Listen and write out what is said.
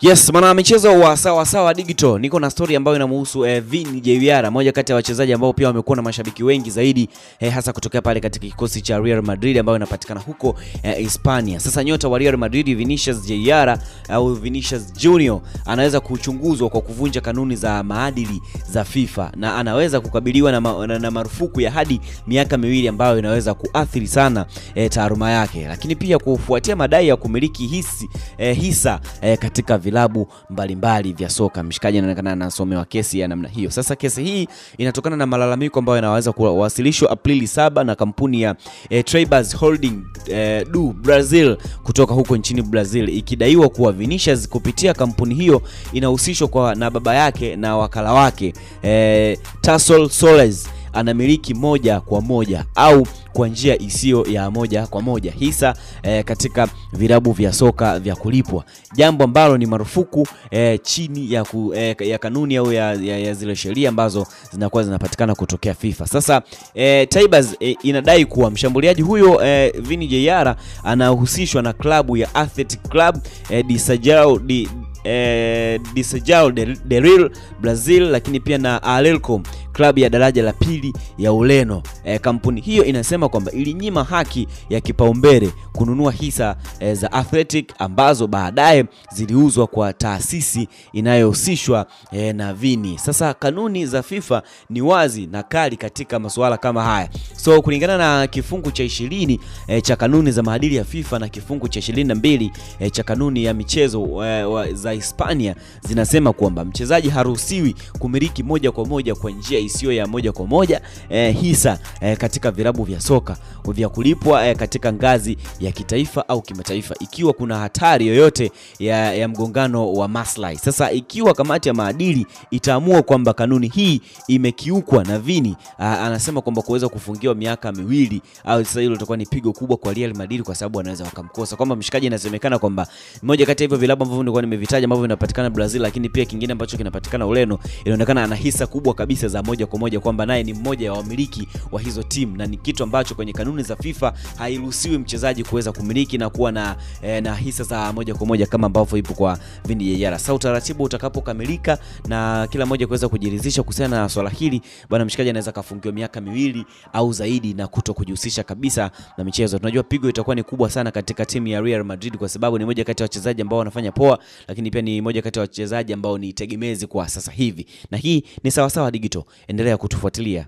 Yes, mwana michezo wa sawa sawa digital, niko na story ambayo inamhusu eh, Vini Jr, moja kati ya wachezaji ambao pia wamekuwa na mashabiki wengi zaidi eh, hasa kutokea pale katika kikosi cha Real Madrid ambayo inapatikana huko eh, Hispania. Sasa nyota wa Real Madrid Vinicius Jr au Vinicius Junior anaweza kuchunguzwa kwa kuvunja kanuni za maadili za FIFA na anaweza kukabiliwa na, ma, na, na marufuku ya hadi miaka miwili ambayo inaweza kuathiri sana eh, taaruma yake, lakini pia kufuatia madai ya kumiliki hisi, eh, hisa eh, katika vila vilabu mbalimbali vya soka. Mshikaji anaonekana anasomewa kesi ya namna hiyo. Sasa kesi hii inatokana na malalamiko ambayo yanaweza kuwasilishwa Aprili saba na kampuni ya eh, Tribas Holding eh, du Brazil kutoka huko nchini Brazil, ikidaiwa kuwa Vinicius kupitia kampuni hiyo inahusishwa na baba yake na wakala wake eh, Tassol Soles anamiliki moja kwa moja au kwa njia isiyo ya moja kwa moja hisa e, katika vilabu vya soka vya kulipwa, jambo ambalo ni marufuku e, chini ya, ku, e, ya kanuni au ya, ya, ya zile sheria ambazo zinakuwa zinapatikana kutokea FIFA. Sasa e, Taibas e, inadai kuwa mshambuliaji huyo e, Vini Jr anahusishwa na klabu ya Athletic Club e, de Sajao de, eh, de Sajao de, de Real Brazil, lakini pia na Alelco klabu ya daraja la pili ya Ureno. E, kampuni hiyo inasema kwamba ilinyima haki ya kipaumbele kununua hisa e, za Athletic ambazo baadaye ziliuzwa kwa taasisi inayohusishwa e, na vini. Sasa kanuni za FIFA ni wazi na kali katika masuala kama haya. So kulingana na kifungu cha ishirini e, cha kanuni za maadili ya FIFA na kifungu cha ishirini na mbili e, cha kanuni ya michezo e, wa, za Hispania zinasema kwamba mchezaji haruhusiwi kumiliki moja kwa moja kwa njia isiyo ya moja kwa moja e, hisa e, katika vilabu vya soka vya kulipwa e, katika ngazi ya kitaifa au kimataifa, ikiwa kuna hatari yoyote ya, ya mgongano wa maslahi. Sasa ikiwa kamati ya maadili itaamua kwamba kanuni hii imekiukwa na Vini a, ah, anasema kwamba kuweza kufungiwa miaka miwili au sasa, hilo litakuwa ni pigo kubwa kwa Real Madrid kwa sababu anaweza wakamkosa kwamba mshikaji, inasemekana kwamba mmoja kati ya hivyo vilabu ambavyo nilikuwa nimevitaja ambavyo vinapatikana Brazil, lakini pia kingine ambacho kinapatikana Ureno, inaonekana ana hisa kubwa kabisa za moja moja kwa moja kwamba naye ni mmoja wa wamiliki wa hizo timu, na ni kitu ambacho kwenye kanuni za FIFA hairuhusiwi mchezaji kuweza kumiliki na kuwa na, e, na hisa za moja kwa moja kama ambavyo ipo kwa Vindi Jr. Sasa utaratibu utakapokamilika na kila mmoja kuweza kujiridhisha kuhusiana na swala hili, bwana mshikaji anaweza kafungiwa miaka miwili au zaidi na kuto kujihusisha kabisa na michezo. Tunajua pigo itakuwa ni kubwa sana katika timu ya Real Madrid kwa sababu ni moja kati ya wachezaji ambao wanafanya poa, lakini pia ni moja kati ya wachezaji ambao ni tegemezi kwa sasa hivi, na hii ni sawasawa digital endelea kutufuatilia.